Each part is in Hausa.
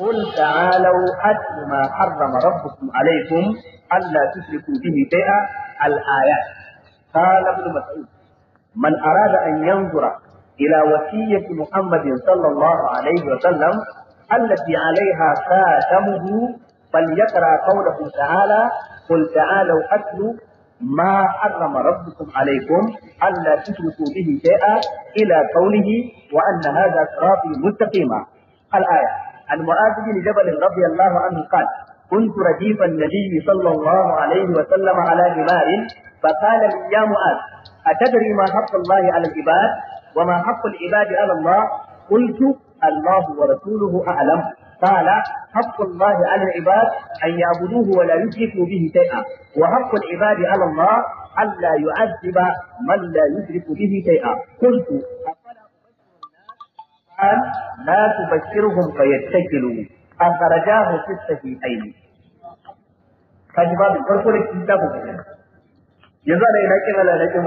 قل تعالوا أتل ما حرم ربكم عليكم ألا تشركوا به شيئا الآيات قال ابن مسعود من أراد أن ينظر إلى وصية محمد صلى الله عليه وسلم التي عليها خاتمه فليقرأ قوله تعالى قل تعالوا أتلوا ما حرم ربكم عليكم ألا تشركوا به شيئا إلى قوله وأن هذا صراطي مستقيما الآية عن معاذ بن جبل رضي الله عنه قال كنت رديف النبي صلى الله عليه وسلم على جبال فقال لي يا معاذ أتدري ما حق الله على العباد وما حق العباد على الله قلت الله ورسوله أعلم قال حق الله على العباد أن يعبدوه ولا يشركوا به شيئا وحق العباد على الله ألا يعذب من لا يشرك به شيئا قلت القرآن لا تبشرهم فيتكلوا أخرجاه في الصحيحين kaji فرقوا لك كتابه kitabun yanzu ana yana kira da nake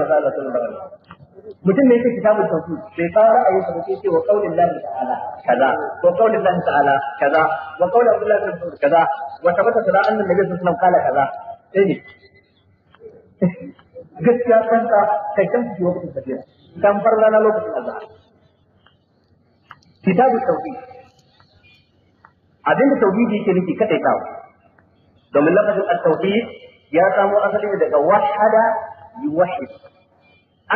mutum ne yake kitabun tauhid bai kawo ra'ayin sa sai ce wa qaulin Allah ta'ala kaza wa qaulin Allah ta'ala kaza wa qaulin Abdullah bin kaza wa tabata tala annabi sallallahu alaihi wasallam kaza gaskiya kanta kai lokacin tafiya dan farla na lokacin kitabu tauhid abinda tauhidi yake nufi kadai tawo domin lafazin at-tauhid ya samo asali ne daga wahada yuwahhid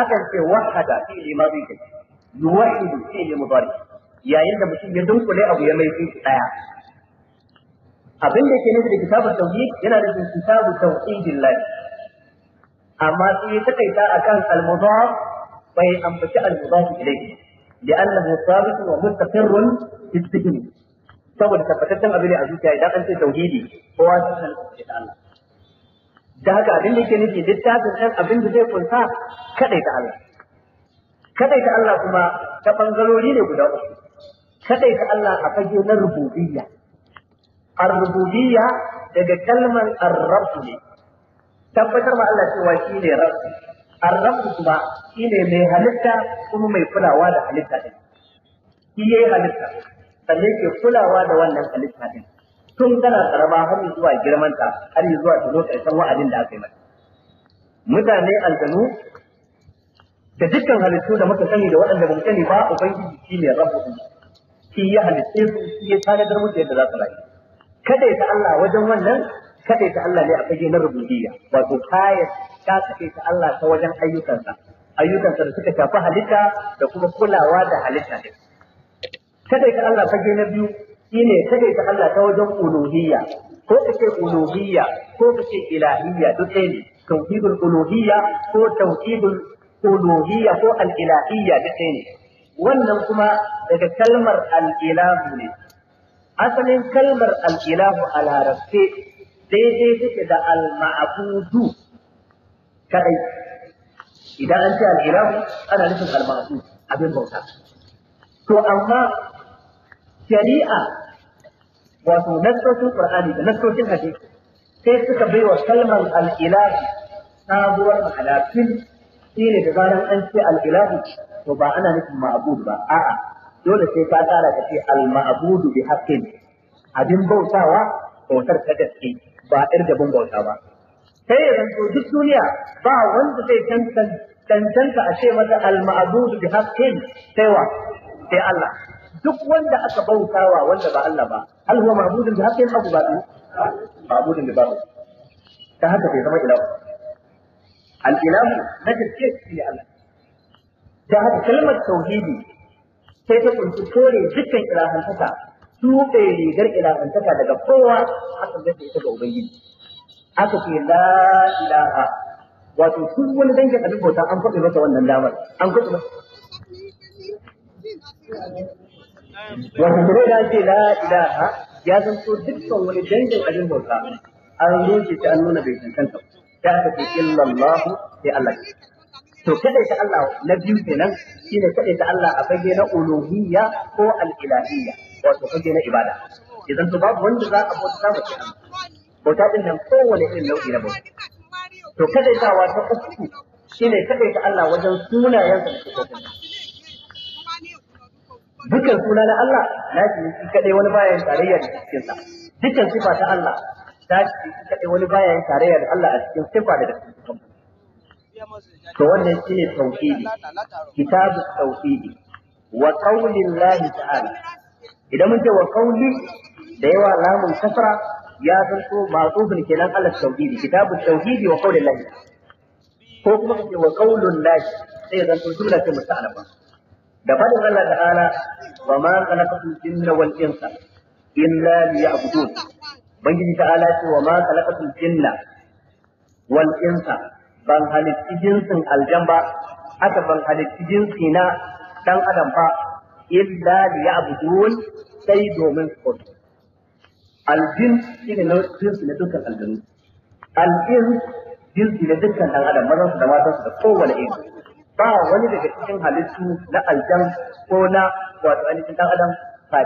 akan ce wahada fi limadi kai yuwahhid fi limudari yayin da mutum ya dunkule abu ya mai shi daya abin da ke nufi da kitabu tauhid yana nufin kitabu tauhidillah amma sai ya takaita akan al-mudaf bai ambaci al-mudaf ilayhi لأنه ثابت ومستقر في السجن saboda tabbataccen abu ne a zuciya idan an ce tauhidi kowa ya san da Allah da haka abin da yake nufi littafin ɗan abin da zai kunsa kadai ta Allah kadai ta Allah kuma ta bangarori ne guda uku kadai ta Allah a fage na rububiyya ar-rububiyya daga kalmar ar-rabb ne tabbatar ma Allah cewa shi ne rabb arrabu kuma shine mai halitta kuma mai kulawa da halitta din shi yayi halitta sannan ke kulawa da wannan halitta din tun tana karama har zuwa girmanta har zuwa ta zo karshen wa'adin da aka yi mata mutane aljanu da dukkan halittu muka sani da waɗanda bamu sani ba ubangiji shi ne rabbu shi ya halitte su shi ya tanadar musu yadda za su rayu kada ta Allah wajen wannan kada ta Allah ne a fage na wato kayar ta ta Allah ta wajen ayyukansa ayyukansa da suka shafi halitta da kuma kulawa da halitta din kada ka Allah fage na biyu shine kada ka Allah ta wajen uluhiyya ko kace uluhiyya ko kace ilahiyya duk ɗaya ne tauhidul uluhiyya ko tauhidul uluhiyya ko al-ilahiyya duk ɗaya ne wannan kuma daga kalmar al-ilahu ne asalin kalmar al-ilahu a larabce daidai take da al-ma'budu kadai idan an ce al'ilahu ana nufin al abin bauta to amma shari'a wato nassocin ƙurani da nassocin hadisi sai suka bai wa kalmar al'ilahu sabuwar ma'ana fil shi da zaran an ce al'ilahu to ba ana nufin ma'bud ba a'a dole sai ka tsara ka ce al-ma'budu bi haqqin abin bautawa bautar ta gaske ba irgabin bauta ba sai ya zanto duk duniya ba wanda zai cancanta a ce masa al-ma'budu bi haqqin sai wa sai Allah duk wanda aka bautawa wanda ba Allah ba hal huwa ma'budun bi haqqin abu ba ma'budun bi babu ta haka bai zama ilahu al-ilahu na gaske shi Allah ta haka kalmar tauhidi sai ta kunshi kore dukkan ilahantaka tuɓe rigar ilahantaka daga kowa hakan zai ita ga ubangiji aka ce la ilaha wato duk wani dangin abin bauta an faɗi masa wannan damar an faɗi masa wato kuma da ce la ilaha ya zanto dukkan wani dangin abin bauta an rushe ta an nuna bai cancanta ta aka ce illallahu sai Allah to kada ta Allah na biyu kenan shine kada ta Allah a fage na uluhiyya ko al-ilahiyya wato fage na ibada idan to babu wanda za a bauta ba sai bauta din nan kowane irin nau'i na bauta to kadaitawa ta uku shine ta Allah wajen sunayensa da sifofin dukkan suna na Allah na shi shi kaɗai wani bayan tarayya da cikin sa dukkan sifa ta Allah ta shi shi kaɗai wani bayan tarayya da Allah a cikin sifa da cikin to wannan shine tauhidi kitabu tauhidi wa qawli Allah ta'ala idan mun ce wa qawli da yawa lamun kasra ya san zanto ma'tufun kenan ala tauhid kitabut tauhid wa qaulillahi ko kuma ce wa qaulullahi sai zan zanto jumla ce musta'anafa da fadin Allah ta'ala wa ma khalaqatul jinna wal insa illa liya'budun bangiji ta'ala ce wa ma khalaqatul jinna wal insa ban halitti jinsin aljamba haka ban halitti jinsi na dan adam ba illa liya'budun sai domin su aljin shine na jinsi na dukkan aljanu aljin jinsi na dukkan dan adam mazan su da matan su da kowane iri ba wani daga cikin halittu na aljan ko na wato ainihin dan adam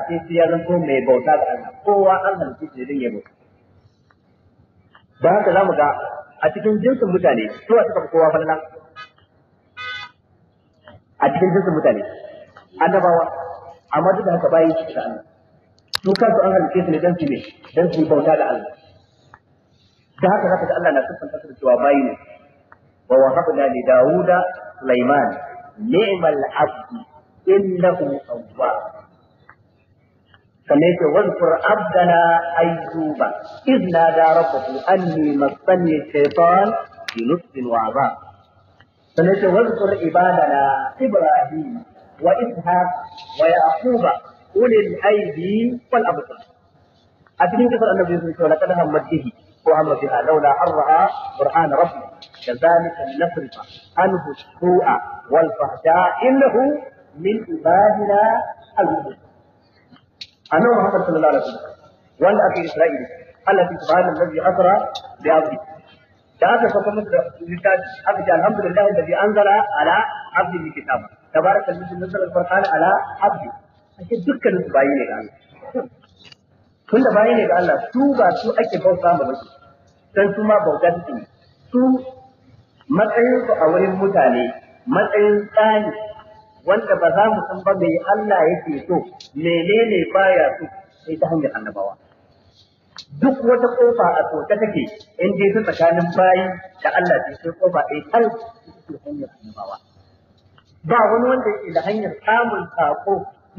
ce sai ya zanto mai bauta ga Allah kowa an halitta shi din yabo ba haka zamu ga a cikin jinsin mutane su a cikin kowa falala a cikin jinsin mutane annabawa amma duk da haka bayi shi da Allah su kansu an halice su ne dan su ne dan su bauta da Allah da haka zaka ga Allah na siffanta su da cewa bayi ne wa wahabna li dauda sulaiman ni'mal abdi innahu awwab sannan yake wazkur abdana ayyuba iz nada rabbahu anni massani shaytan bi nusbin wa azab sannan yake wazkur ibadana ibrahim wa ishaq wa yaquba أولي الأيدي والأبصار أتني كثر النبي صلى الله عليه وسلم لقد همت به وهم بها لولا أن رأى قرآن ربه كذلك لنصرف عنه السوء والفحشاء إنه من عبادنا المؤمنين أنا محمد صلى الله عليه وسلم وأنا أبي إسرائيل الذي سبحان الذي أسرى بأرضه جاءت فقط sauka musu da الحمد لله الذي أنزل على bi anzala تبارك abdi نزل القرآن على عبده. ake dukkanin su bayi ne ga Allah tun da bayi ne ga Allah su ba su ake bauta ma baki don su ma bauta su matsayin su a wurin mutane matsayin tsani wanda ba za mu san ba mai Allah yake so menene baya su sai ta hanyar annabawa duk wata kofa a soke take in dai su tsakanin bayi da Allah ce sai kofa ɗaya kan ta hanyar annabawa ba wani wanda yake da hanyar samun sako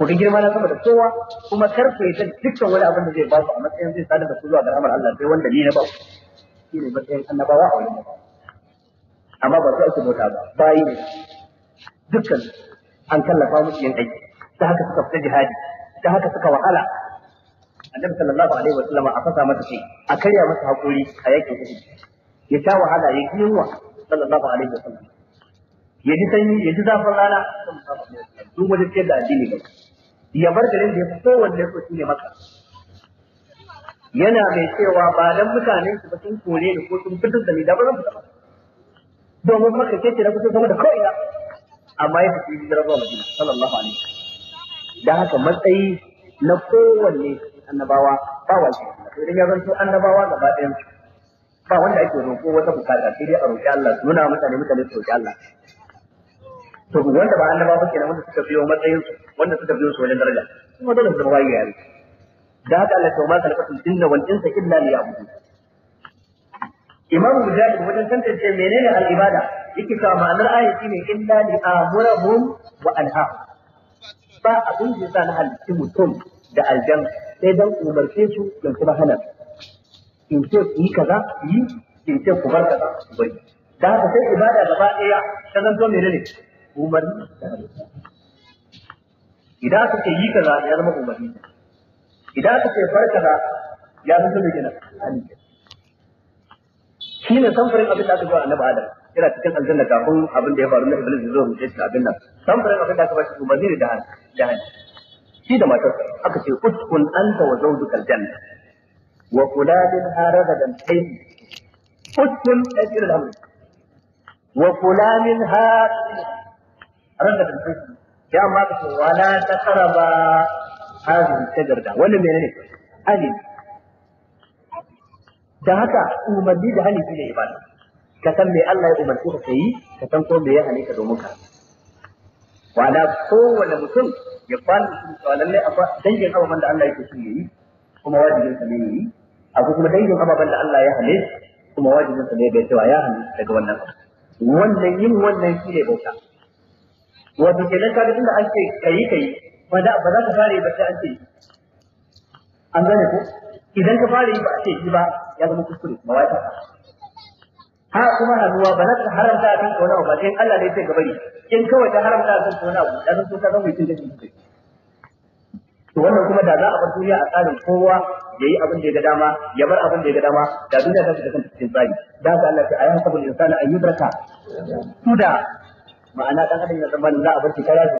ku ga girma na sama da kowa kuma kar ku yi dukkan wani abin da zai ba ku a matsayin zai sadar da ku zuwa ga amar Allah sai wanda ni na ba ku shi ne matsayin annabawa a wani amma ba su ake mota ba bayi ne dukkan an tallafa musu yin aiki ta haka suka fita jihadi ta haka suka wahala annabi sallallahu alaihi wa sallama a fasa masa kai a karya masa hakuri a yakin uhud ya sha wahala ya ji yunwa sallallahu alaihi wa sallam ya ji sanyi ya ji zafin rana sallallahu alaihi wa sallam duk wajen da addini gaba ya bar rin da ya fi kowanne so shine maka yana mai cewa ba dan mutanen su ba sun kore ni ko sun fitar da ni da ba zan fita domin maka ke ce na kusa sama da ko'ina amma ya fito hijirar zuwa madina sallallahu alaihi wasallam dan haka matsayi na kowanne annabawa ba sai dai ya zanto annabawa gaba ɗayan ba wanda ake roƙo wata bukata sai dai a roƙi Allah nuna mutane mutane su roƙi Allah to wanda ba annaba ba kenan wanda suka biyo matsayin su wanda suka biyo su wajen daraja kuma dole su zama wayi yayi da haka Allah ta maka alfatul jinna wal insa illa li ya'budu imam mujahid wajen tantance menene al ibada yake cewa ma'anar ayat shine illa li amurahum wa anha ba abin da yasa na halitti mutum da aljan sai dan umarce su dan kuma hana in ce yi kaza yi in ce ku bar kaza ku bari da haka sai ibada gaba daya ta zanto menene umarni idan aka ce yi kaza ya zama umarni idan aka ce bar kaza ya zama da gina shi ne samfurin abin da aka zuwa annabi adam yana cikin aljanna kafin abin da ya faru na iblis zuwa mutum shi abin nan samfurin abin da aka ba shi ne da jahannam shi da matar aka ce uskun anta wa zawjuka aljanna wa fulalin haragadan hayy Utkun ɗan al-amr wa min haragadan ragabin aiki ya ma ka ce wala ta karaba hazin shagarda wannan menene azin da haka umarni da hali shi ne ibada ka san me Allah ya umarci ka kai ka san ko me ya hane ka domin ka wala kowane mutum ya fara mutum cewa lallai a dangin ababen da Allah yake so ya yi kuma wajibin sa ne ya yi akwai kuma dangin ababen da Allah ya hane kuma wajibin sa ne ya cewa ya hane daga wannan wannan yin wannan shi ne bauta wato kenan kaga tunda an ce kai kai ba za ba za ka fare ba sai an ce an gane ko idan ka fare ba a ce ba ya zama kuskure ba wai ta ha kuma zuwa ba za ka haramta a kan kona ba sai Allah ne ya ce bari, in kawai ta haramta a kan kona ba zan zama ka zama mutum da kuskure to wannan kuma da za a bar duniya a tsarin kowa ya yi abin da ya ga dama ya bar abin da ya ga dama da duniya ta shiga kan cikin tsari da haka Allah ya ayyuka bil insani ayyubraka tuda ma'ana dan adam ya tsammanin za a bar shi